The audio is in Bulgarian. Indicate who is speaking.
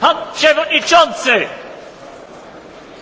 Speaker 1: Pan Przewodniczący!